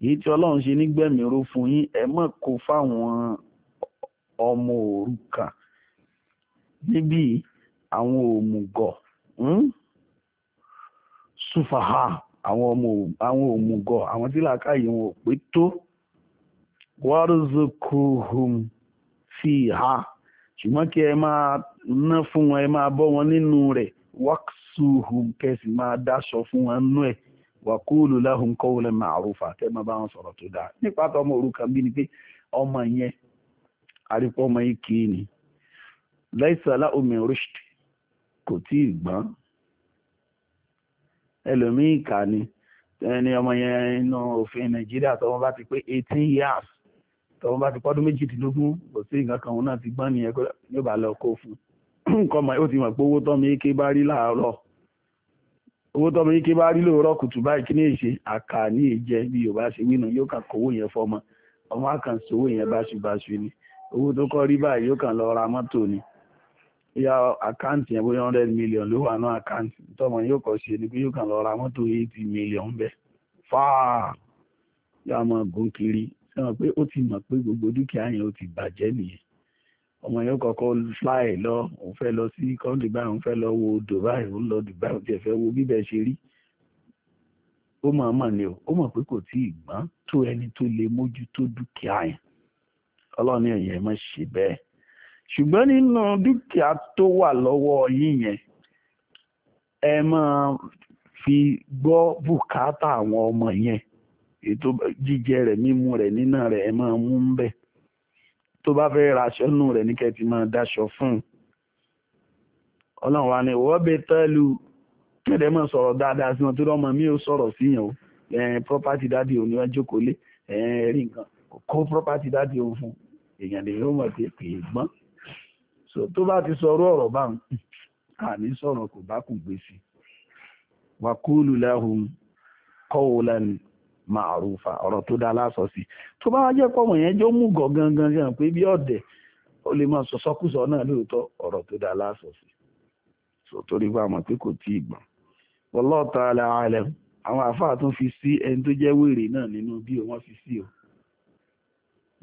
èyí tí ọlọ́run ṣe nígbẹ̀míró fún yín ẹ má kó fáwọn ọmọ òrukàn níbi àwọn òmùgọ̀ hmm? súfàhà àwọn òmùgọ̀ àwọn tí làákàyè wọn ò pé tó wàrúzùkúhùm. fi ha ṣùgbọ́n kí ẹ máa ná fún wọn ẹ máa bọ́ wọn nínú rẹ̀ wákṣuhum kẹsì máa dáṣọ fún wọn nú ẹ̀ wàkúùlù láhùn kọ́wọ́lẹ̀ màrúfà kẹ́ máa bá wọn sọ̀rọ̀ tó dáa nípa tó ọmọ òrukàn bí ni pé ọmọ yẹn ọmọ yìí kì í ni láìsàlá omi years tọ́mọ bá ti pọ́dún méjìdínlógún kò sí nǹkan kan òun náà ti gbọ́n nìyẹn yóò bá lọ kó fún nǹkan (clears throat) mọ̀ ó ti mọ̀ pé owó tọ́mọ ike bá rí láàárọ̀ owó tọ́mọ ike bá rí lóòrọ̀ kùtù báyìí kí ní èṣe àkà ní bí Yorùbá ṣe wí náà yóò kàn kówó yẹn fọmọ ọmọ àkàn sówó yẹn báṣubàṣu ni owó tó kọ́ rí báyìí yóò kàn lọ ra mọ́tò ni ya àkáǹtì yẹn bóyá hundred million ló wà náà àkáǹtì tọ́mọ ni pé yóò kàn eighty million bẹ́ẹ̀ fáà yóò máa gún ẹ̀wọ̀n pé ó ti mọ̀ pé gbogbo dúkìá yẹn ó ti bàjẹ́ nìyẹn ọmọ yẹn kọ́kọ́ fly lọ òun fẹ́ lọ sí kọ́ńtì báyìí òun fẹ́ lọ wo Dubai òun lọ Dubai òun tiẹ̀ fẹ́ wo bíbẹ̀ ṣe rí ó mọ̀ mọ̀ ni o ó mọ̀ pé kò tí ì gbọ́n tó ẹni tó lè mójútó dúkìá yẹn ọlọ́run ní ẹ̀yẹ má ṣe bẹ́ẹ̀ ṣùgbọ́n nínú dúkìá tó wà lọ́wọ́ yín yẹn ẹ máa fi gbọ́ bùkátà àwọn ọmọ yẹn ètò jíjẹ rẹ̀ mímu rẹ̀ nínà rẹ̀ ẹ máa mú ń bẹ̀ tó bá fẹ́ ra aṣọ nù rẹ̀ ní kẹ́tì máa dáṣọ fún un ọlọ́run wa ni wọ́n bẹ tẹ́lu kẹ́dẹ̀ mọ̀ sọ̀rọ̀ dáadáa sí wọn tó lọ́mọ mi ò sọ̀rọ̀ síyàn o property dáàdi òun ni wọ́n jókòó lé rí nǹkan kó property dáàdi òun fún èèyàn lè yóò mọ̀ pé kì í gbọ́n so tó bá ti sọ̀rọ̀ ọ̀rọ̀ báwọn àní sọ̀rọ̀ kò bá kù gbèsè wàkúùlù láhùn kọ́wọ́lá ni màrúfà ọ̀rọ̀ tó dá lásọ sí tó bá wá jẹ́ pọ̀mọ̀ yẹn jó mú gọ̀ gangan gan pé bí ọ̀dẹ̀ ó lè máa sọ̀sọ́kùsọ náà lóòótọ́ ọ̀rọ̀ tó dá lásọ sí so torí bá mọ̀ pé kò tí ì gbọ̀n wallahu ta'ala alam àwọn àfáà tún fi sí ẹni tó jẹ́ wèrè náà nínú bí wọ́n fi sí o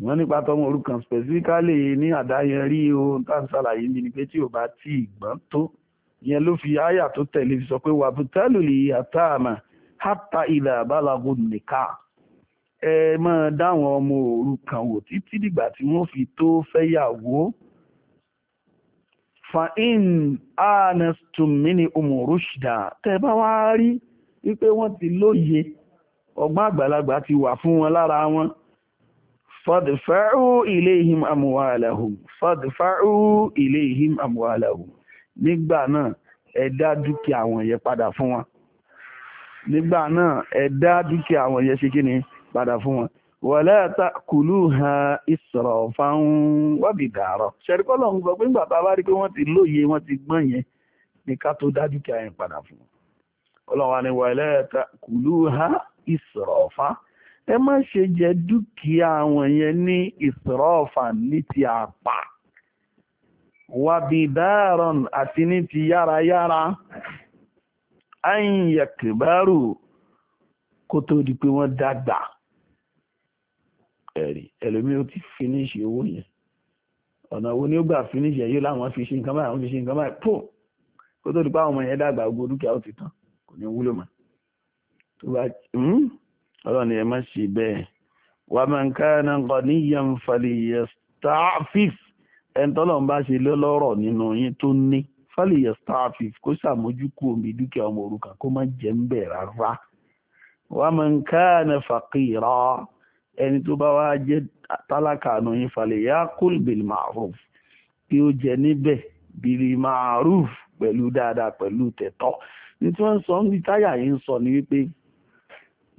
wọ́n nípa tọmọ òrukàn specifically ní àdáyẹrí ohun tá à ń ṣàlàyé mi ni pé tí ò bá tí ì gbọ́n tó ìyẹn ló fi áyà tó tẹ̀lé sọ pé wàbùtálù lè yàtá àmà hátà ilẹ̀ àbálàgbò nìka ẹ máa dáwọn ọmọ òrukàn wò títí dìgbà tí wọ́n fi tó fẹ́yàwó fa'in anastum mini umu rushda tẹ bá wá rí wípé wọ́n ti lóye ọgbọ́n àgbàlagbà ti wà fún wọn lára wọn fadfa'u ilayhim amwalahum fadfa'u ilayhim amwalahum nígbà náà ẹ dá dúkìá wọn yẹ padà fún wọn nígbà náà ẹ dúkìá àwọn yẹn ṣe kí ni padà fún wọn wọ̀lẹ́ ta kùlù ha ìsọ̀rọ̀ fáwọn wábì dàrọ̀ ṣẹ̀ríkọ́lọ̀ ń gbọ́ pé nígbà tá a bá rí pé wọ́n ti lóye wọ́n ti gbọ́n yẹn ní ká tó dá dúkìá yẹn padà fún wọn ọlọ́wà ni wọ̀lẹ́ ta kùlù ha ìsọ̀rọ̀ fá ẹ má ṣe jẹ dúkìá àwọn yẹn ní ìsọ̀rọ̀ fà ní ti àpà wábì dàrọ̀ àti ní ti yárayára ayinyakibaru kó tó di pé wọ́n dàgbà ẹ̀rí ẹlòmí ó ti fínísì owó yẹn ọ̀nà owó ni ó gbà fínísì ẹ̀yọ́ láwọn fi ṣe nǹkan báyìí àwọn fi ṣe nǹkan báyìí pò kó tó di pé àwọn ọmọ yẹn dàgbà gbogbo dúkìá ó ti tán kò ní wúlò mọ́ tó bá ọlọ́run ẹ má ṣe bẹ́ẹ̀ wà á máa ń ká ẹran kan níyàn falẹ̀ yẹ stáfíf ẹni tọ́lọ́run bá ṣe lọ́rọ̀ nínú yín tó ní fálẹ̀ yẹ starfif kó sàmójúkú omi dúkìá ọmọ òrukàn kó má jẹ́ ń bẹ̀ rárá wà máa ń ká ẹni fàkìrà ẹni tó bá wá jẹ́ tálákà àánú yín fálẹ̀ yá kúlbìl màrúf kí ó jẹ níbẹ̀ bìrì màrúf pẹ̀lú dáadáa pẹ̀lú tẹ̀tọ́ ní tí wọ́n ń sọ táyà yìí sọ ni wípé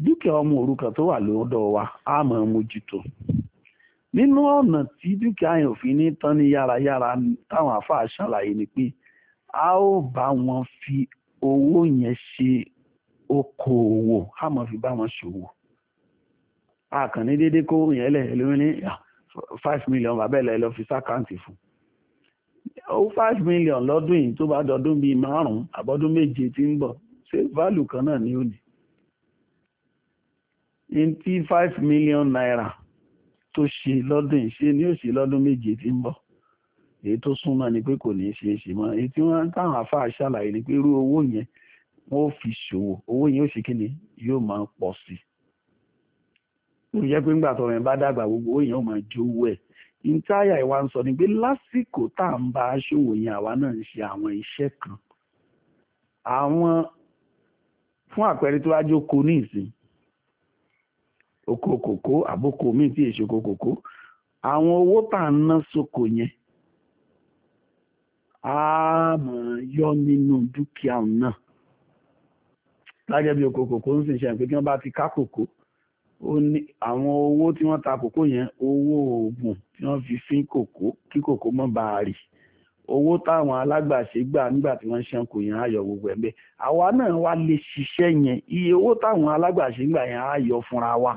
dúkìá ọmọ òrukàn tó wà lọ́dọ̀ wa á máa mójútó nínú ọ̀nà tí dúkìá yẹn ò fi ní tán ní yárayára táwọn àfáà ni pé a ó bá wọn fi owó yẹn ṣe okòòwò a máa fi bá wọn ṣòwò a kàn ní déédéé kó yẹn lẹ̀ lóní five million bàbá ẹ̀ lọ́ọ́ fi sákàǹtì fún ó five million lọ́dún yìí tó bá dọdún bíi márùn-ún àbọ́dún méje tí ń bọ̀ ṣé válù kan náà ni ó ní tí five million naira tó ṣe lọ́dún yìí ṣe ni ó ṣe lọ́dún méje tí ń bọ̀ èyí tó súnmọ́ ni pé kò ní í ṣe é ṣe mọ́ èyí tí wọ́n táwọn afáà ṣàlàyé ni pé irú owó yẹn wọ́n ó fi ṣòwò owó yẹn ó ṣe kí ni yóò máa pọ̀ sí i ó jẹ́ pé ńgbà tọrọ yẹn bá dàgbà gbogbo owó yẹn ó máa jówó ẹ̀ ìntàyà ìwà ń sọ ni pé lásìkò tá à ń bá aṣòwò yẹn àwa náà ń ṣe àwọn iṣẹ́ kan àwọn fún àpẹẹrẹ tó wájú oko ní ìsìn oko àbókò míì tí èso kòkó àwọn owó tá à ń ná sóko yẹn àmọ́ yọ nínú dúkìá náà lágẹ́ bí okò kòkó ń sìn ṣe pé kí wọ́n bá ti ká kòkó àwọn owó tí wọ́n ta kòkó yẹn owó oògùn tí wọ́n fi fín kòkó kí kòkó mọ́ bá a rì owó táwọn alágbàṣe gbà nígbà tí wọ́n ṣan kò yẹn ayọ̀ gbogbo ẹ̀mẹ́ àwa náà wá lè ṣiṣẹ́ yẹn iye owó táwọn alágbàṣe gbà yẹn ayọ̀ fúnra wa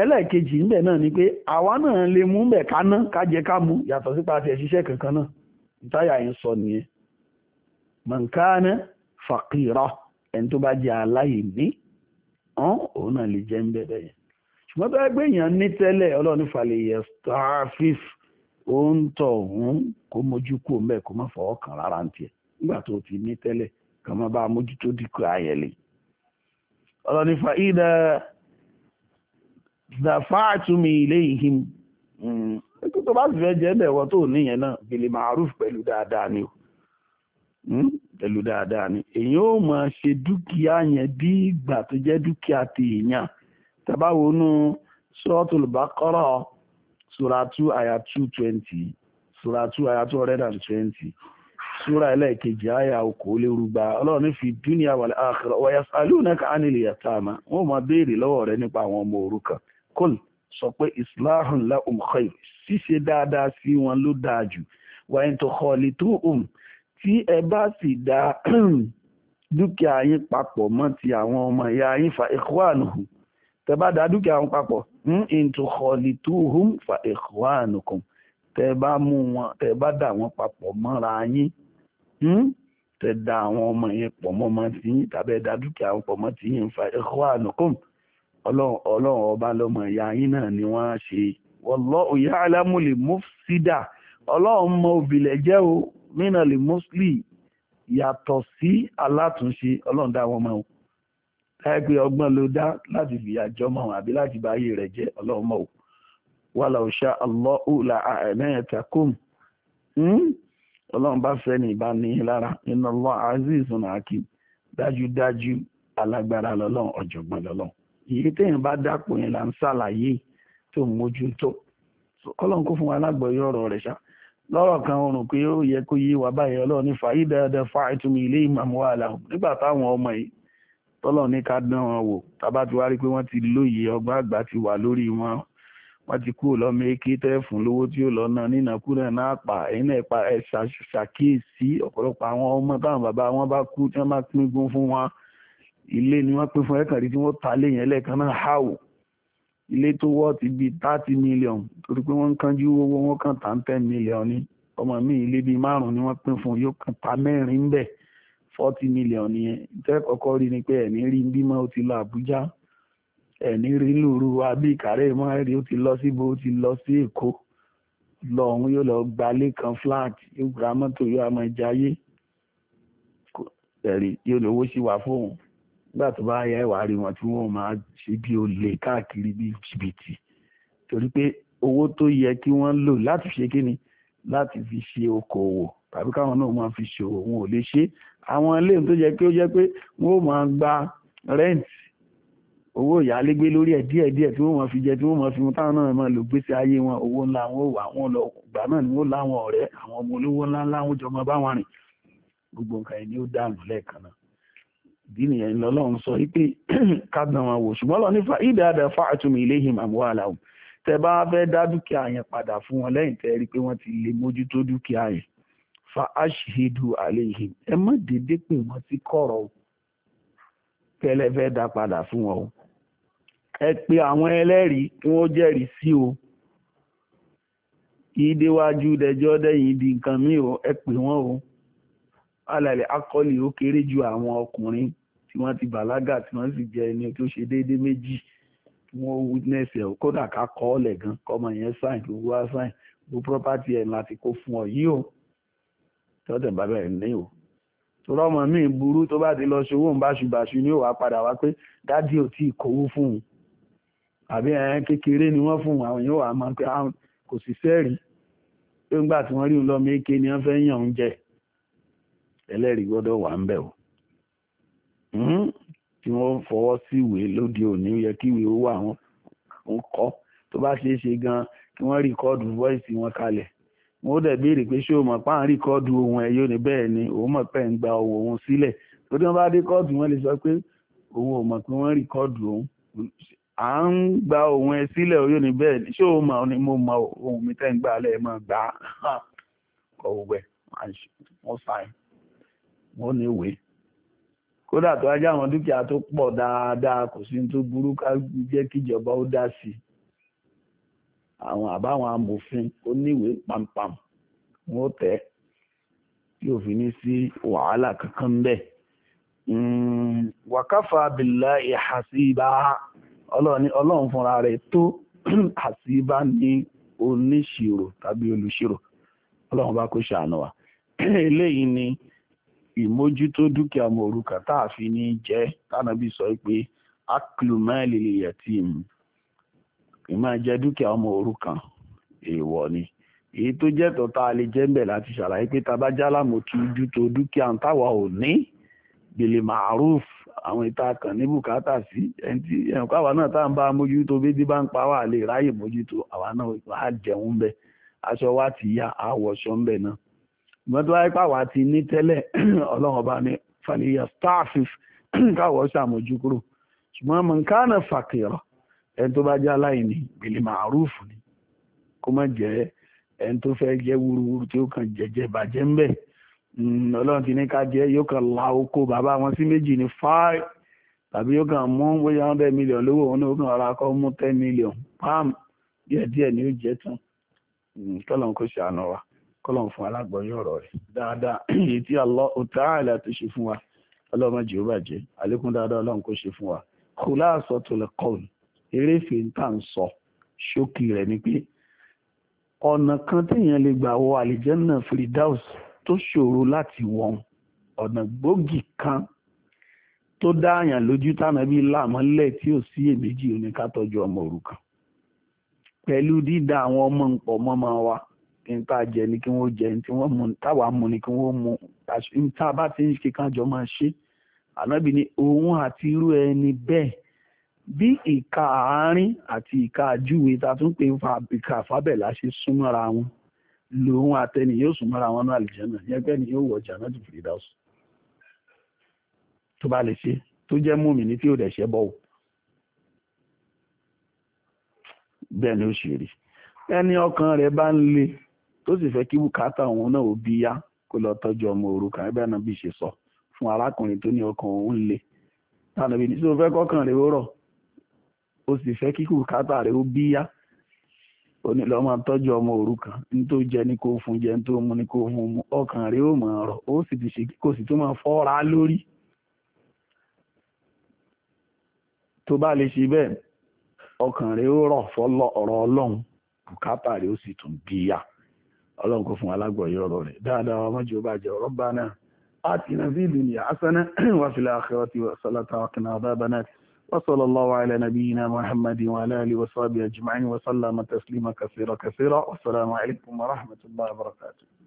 ẹlẹ́ẹ̀kejì ńbẹ̀ náà ni pé àwa náà lè mú bẹ̀ káná kájẹ ká mú yàtọ̀ sípa àti ẹ̀ṣiṣẹ́ kankan náà ìtayà yẹn sọ nìyẹn mọ̀nkánà fàkìrọ̀ ẹni tó bá jẹ́ aláìní ọ̀n òun náà lè jẹ́ ń bẹ̀rẹ̀ yẹn ṣùgbọ́n tó ẹgbẹ́ èèyàn ní tẹ́lẹ̀ ọlọ́run falẹ̀ yẹ starfif ó ń tọ̀ ọ̀hún kó mójú kú òun kó má fọwọ́ kàn rárá ń tiẹ̀ nígbà tó ti ní tẹ́lẹ̀ má bá dàfáàtúmi ilé ìhìm kí mm. tó bá sì fẹ́ jẹ́ bẹ̀wọ̀ tó níyẹn náà bìlì màrúf pẹ̀lú dáadáa ni o mm. pẹ̀lú dáadáa ni èyàn ò mọ̀ ṣe dúkìá yẹn bí ìgbà tó jẹ́ dúkìá ti èèyàn tàbáwo nú sọ́ọ̀tùl Baqara sura two aya two twenty sura two aya two hundred and twenty sura ẹlẹ́ẹ̀kejì aya okòólérúgba ọlọ́run fi dúnìá wal akhirah wa yas'alunaka anil yatama wọ́n máa béèrè lọ́wọ́ rẹ nípa àwọn ọmọ òrukàn kul sọ pé islahun lahum khair ṣíṣe dáadáa sí wọn ló dáa jù wa in tukhalituhum tí ẹ bá sì dá (clears throat) dúkìá yín papọ̀ mọ́ ti àwọn ọmọ ìyá yín fa ikhwanuhum tẹ bá dá dúkìá wọn papọ̀ hmm, in tukhalituhum fa ikhwanukum tẹ bá mú wọn tẹ bá dá wọn papọ̀ mọ́ra yín hmm, tẹ dá àwọn ọmọ yẹn pọ̀ mọ́ mọ́ ti yín tàbí ẹ dá dúkìá wọn pọ̀ mọ́ ti yín fa ikhwanukum. ọlọ́run ọba lọ́mọ ìyá yín náà ni wọ́n á ṣe wallahu ya'lamu lil mufsida ọlọ́run mọ òbílẹ̀ jẹ́ o mina lil yàtọ̀ sí alátúnṣe ọlọ́run dá wọn mọ́ o ọgbọ́n ló dá láti mọ́ àbí láti bá ayé rẹ̀ jẹ́ ọlọ́run mọ́ o hmm? ọlọ́run bá fẹ́ èyí téèyàn bá dápò yẹn là ń ṣàlàyé tó ń mójútó ọlọ́run kó fún wa lágbọ̀ọ́yé ọ̀rọ̀ rẹ̀ ṣá lọ́rọ̀ kan oòrùn pé ó yẹ kó yé wa báyìí ọlọ́run ní fàáyí dáadáa fa ìtumí ilé ìmàmú wa là nígbà táwọn ọmọ yìí tọ́lọ̀ ní ká dán wọn wò tábà ti wá rí pé wọ́n ti lóye ọgbọ́n àgbà ti wà lórí wọn wọ́n ti kúrò lọ́mọ èké tẹ́ lówó tí ó lọ náà nínàkúrẹ̀ náà pa ẹ̀yìn náà pa ẹ̀ ṣàkíyèsí ọ̀pọ̀lọpọ̀ àwọn ọmọ táwọn bàbá wọn bá kú tí wọ́n bá pín gún fún wọn ilé ni wọ́n pín fún ẹ̀kàrí tí wọ́n ta lé yẹn lẹ́ẹ̀kan náà háwò ilé tó wọ́ ti bi thirty million torí pé wọ́n ń kánjú owó wọn kàn tán ten million ni ọmọ mi ilé bíi márùn-ún ni wọ́n pín fún yóò kàn ta mẹ́rin ń bẹ̀ forty million nìyẹn tẹ́ kọ́kọ́ rí ni pé ẹ̀ní rí bímọ ó ti lọ Àbújá ẹ̀ní rí lóru wa bí ìkàrẹ́ mọ́ ẹ̀rí ó ti lọ síbo ó ti lọ sí Èkó lọ òun yóò lọ gbalé kan flat yóò gbà mọ́tò yóò àmọ́ jayé ẹ̀rí yóò lówó sí wa fóun nígbà tó bá yẹ ìwà rí wọn tí wọ́n máa ṣe bí olè káàkiri bí jìbìtì torí pé owó tó yẹ kí wọ́n lò láti ṣe kíni láti fi ṣe okòwò tàbí káwọn náà máa fi ṣòwò wọn ò lè ṣe àwọn ilé tó yẹ kí ó jẹ́ pé wọ́n máa gba rẹ́ǹtì owó ìyálégbé lórí ẹ̀ díẹ̀ díẹ̀ tí wọ́n máa fi jẹ tí wọ́n máa fi mu táwọn náà máa lò gbèsè ayé wọn owó ńlá wọn ò wà wọn lọ ìgbà náà ni wọ́n láwọn ọ̀rẹ́ àwọn ọmọ olówó ńlá ńlá wọn jọ máa bá wọn rìn gbogbo nǹkan yìí ó dànù lẹ́ẹ̀kan náà dini nìyẹn ni ọlọ́run sọ wípé (clears throat) kádàn wọn wò ṣùgbọ́n lọ nípa ìdá àdá fáàtúmù iléhìn àmúwá aláwọ̀ tẹ bá fẹ́ dá dúkìá yẹn padà fún wọn lẹ́yìn tẹ́ rí pé wọ́n ti lè mójútó dúkìá yẹn fa aṣèhìdù àléhìn ẹ má dédé pé wọ́n ti kọ̀rọ̀ o tẹ́lẹ̀ fẹ́ dá padà fún wọn o ẹ pé àwọn ẹlẹ́rìí kí wọ́n jẹ́rìí sí o kí déwájú dẹjọ́ dẹ́yìn di nǹkan mí o ẹ pè wọ́n o alàlẹ̀ akọ́lì ó kéré ju àwọn ọkùnrin tí wọ́n ti bàlágà tí wọ́n sì jẹ́ ẹni tó ṣe déédéé méjì wọ́n witness ẹ̀ kódà ká kọ́ ọ̀lẹ̀ gan kọ́mọ yẹn sign tó wá sign gbogbo property ẹ̀ láti kó fún ọ yìí o tọ́tẹ̀ bàbá ẹ̀ ní o tọ́lọ́ ọmọ mi burú tó bá ti lọ ṣòwò ń báṣubàṣu ni ó wàá padà wá pé dádì ò tí ì kówó fún un àbí ẹ̀yẹn kékeré ni wọ́n fún àwọn yóò wà máa pé ah, kò sì sẹ́ẹ̀rí pé ńgbà tí wọ́n rí un lọ́mọ èké ni wọ́n fẹ́ yàn oúnjẹ ẹlẹ́rìí gbọ́dọ̀ wà ń bẹ̀ o tí wọ́n fọwọ́ sí ìwé lóde òní yẹ kí ìwé ó wà wọ́n kọ́ tó bá ṣeé ṣe gan kí wọ́n rìkọ́ọ̀dù voice wọn kalẹ̀ wọ́n dẹ̀ béèrè pé ṣé o mọ̀ páà ń rìkọ́ọ̀dù ohun ẹ̀ yóò ní bẹ́ẹ̀ ni òun mọ̀ pẹ́ ń gba owó òun sílẹ̀ tó dé wọn bá dé kóòtù wọn lè sọ pé òun ò mọ̀ pé wọ́n rìkọ́ọ̀dù òun à ń gba ohun ẹ̀ sílẹ̀ yóò ní bẹ́ẹ̀ ni ṣé o mọ̀ ni mo mọ̀ ohun mi tẹ́ ń gbà lẹ́ẹ̀ mọ̀ gbà á ọ̀wẹ̀ wọ́n sáyẹn wọ́n ní ìwé kódà tó ajá àwọn dúkìá tó pọ̀ dáadáa kò sí tó burú ká jẹ́ kíjọba ó dá sí àwọn àbáwọn amòfin oníwèé pampam wọn tẹ yóò fi ní sí wàhálà kankan bẹ́ẹ̀ wàkàfà bìlà ìhàsíbà ọlọ́run fúnra rẹ̀ tó àsíbà (clears throat) ní oníṣirò tàbí olùṣirò ọlọ́run bá kó ṣàánú wa (clears throat) eléyìí ni ìmójútó dúkìá ọmọ òrukàn tá a fi ní jẹ́ tánàbí sọ pé aklumẹ́lì yatim ìmáa jẹ dúkìá ọmọ èèwọ̀ ni èyí tó jẹ́ tọ́ta alẹ́ jẹ́ńbẹ̀ láti ṣàlàyé pé tá a bá jálàmù kí ojú tó dúkìá ń táwa ò ní bèlè màrúf àwọn ìta kan ní bùkátà sí ẹni tí ẹnìkan àwa náà tá à ń bá mójútó bébí bá ń pa wà lè ráyè mójútó àwa náà wàá jẹun bẹ aṣọ wa ti ya àwọ̀ṣọ ń náà ìgbọ́n tó wáyé pàwà ti ní tẹ́lẹ̀ (clears throat) ọlọ́run ọba ní fàníyà starfif (clears throat) káwọ́ ṣàmójú kúrò ṣùgbọ́n mọ̀nkánà fàkìrọ̀ ẹni tó bá jẹ́ aláìní bìlì màrúfù ni kó má jẹ́ ẹni tó fẹ́ jẹ́ wúruwúru tí ó kàn jẹjẹ bàjẹ́ ń bẹ̀ hmm, ọlọ́run ti ní ká jẹ́ yóò kàn la oko bàbá wọn sí méjì ní fáì tàbí yóò kàn mú bóyá hundred million lówó òun náà kàn ra kọ́ mú ten million pam díẹ̀díẹ̀ ni ó jẹ́ tán hmm, kọ́lọ́n kó ṣàánú wa kọ́lọ̀ fún alágbọ̀nyọ́ ọ̀rọ̀ rẹ̀ dáadáa (clears throat) èyí tí Allahu Ta'ala tó ṣe fún wa ọlọ́run jù ú bàjẹ́ àlékún dáadáa ọlọ́run kò ṣe fún wa khulasatul qawl eré fèntà ń sọ ṣókì rẹ̀ ni pé ọ̀nà kan téèyàn lè gbà wọ àlìjẹ́nà Firdaus tó ṣòro láti wọ̀n ọ̀nà gbòógì kan tó dáàyàn lójú tánàbí làmọ́lẹ̀ tí ò sí èméjì oníkátọ́jú ọmọ òrukàn pẹ̀lú dídá àwọn ọmọ ń pọ̀ mọ́mọ́ wa kí n tá a jẹ ni kí wọ́n jẹ ní tí wọ́n mú táwa mú ni kí wọ́n mú ní tá a bá ti ń ṣe kájọ máa ṣe ànábì ni òun àti irú ẹni bẹ́ẹ̀ bí ìka àárín àti ìka àjúwe ta tún pè ìka àfábẹ̀lá ṣe súnmọ́ra wọn lòun àtẹni yóò súnmọ́ra wọn náà àlìjẹ́nà yẹgbẹ́ ni yóò wọ jàǹdà tó fi dáwọ́ tó bá lè ṣe tó jẹ́ múmi ní tí ò dẹ̀ṣẹ́ bọ̀ wò bẹ́ẹ̀ ni ó ṣe rí ẹni ọkàn rẹ̀ bá ń le tó sì fẹ́ kí bùkátà òun náà ò bí yá kó lọ tọ́jú ọmọ ẹgbẹ́ náà bí ṣe sọ fún arákùnrin tó ní ọkàn òun le tànàbí ní sọ fẹ́ kọ́kàn rẹ̀ ó rọ̀ ó sì fẹ́ kí bùkátà rẹ̀ ó bí yá ó ní tọ́jú ọmọ ní tó ní kó fún ní tó mu ní kó fún ọkàn rẹ̀ ó ó sì ti ṣe kó sì máa fọ́ra lórí tó bá lè ṣe bẹ́ẹ̀ ọkàn rẹ̀ ó rọ̀ fọ́lọ́ ọ̀rọ̀ ọlọ́run bùkátà rẹ̀ ó sì tún bí yá ọlọ́run kò fún alágbọ̀yé ọ̀rọ̀ rẹ̀ dáadáa wa mọ́jú bá jẹ́ rabbana atina fid dunya hasana wa fil akhirati hasanatan wa qina adhaban nar wa sallallahu ala nabiyyina muhammadin wa ala alihi wa sahbihi ajma'in wa sallama taslima kathira kathira wa assalamu wa rahmatullahi wa barakatuh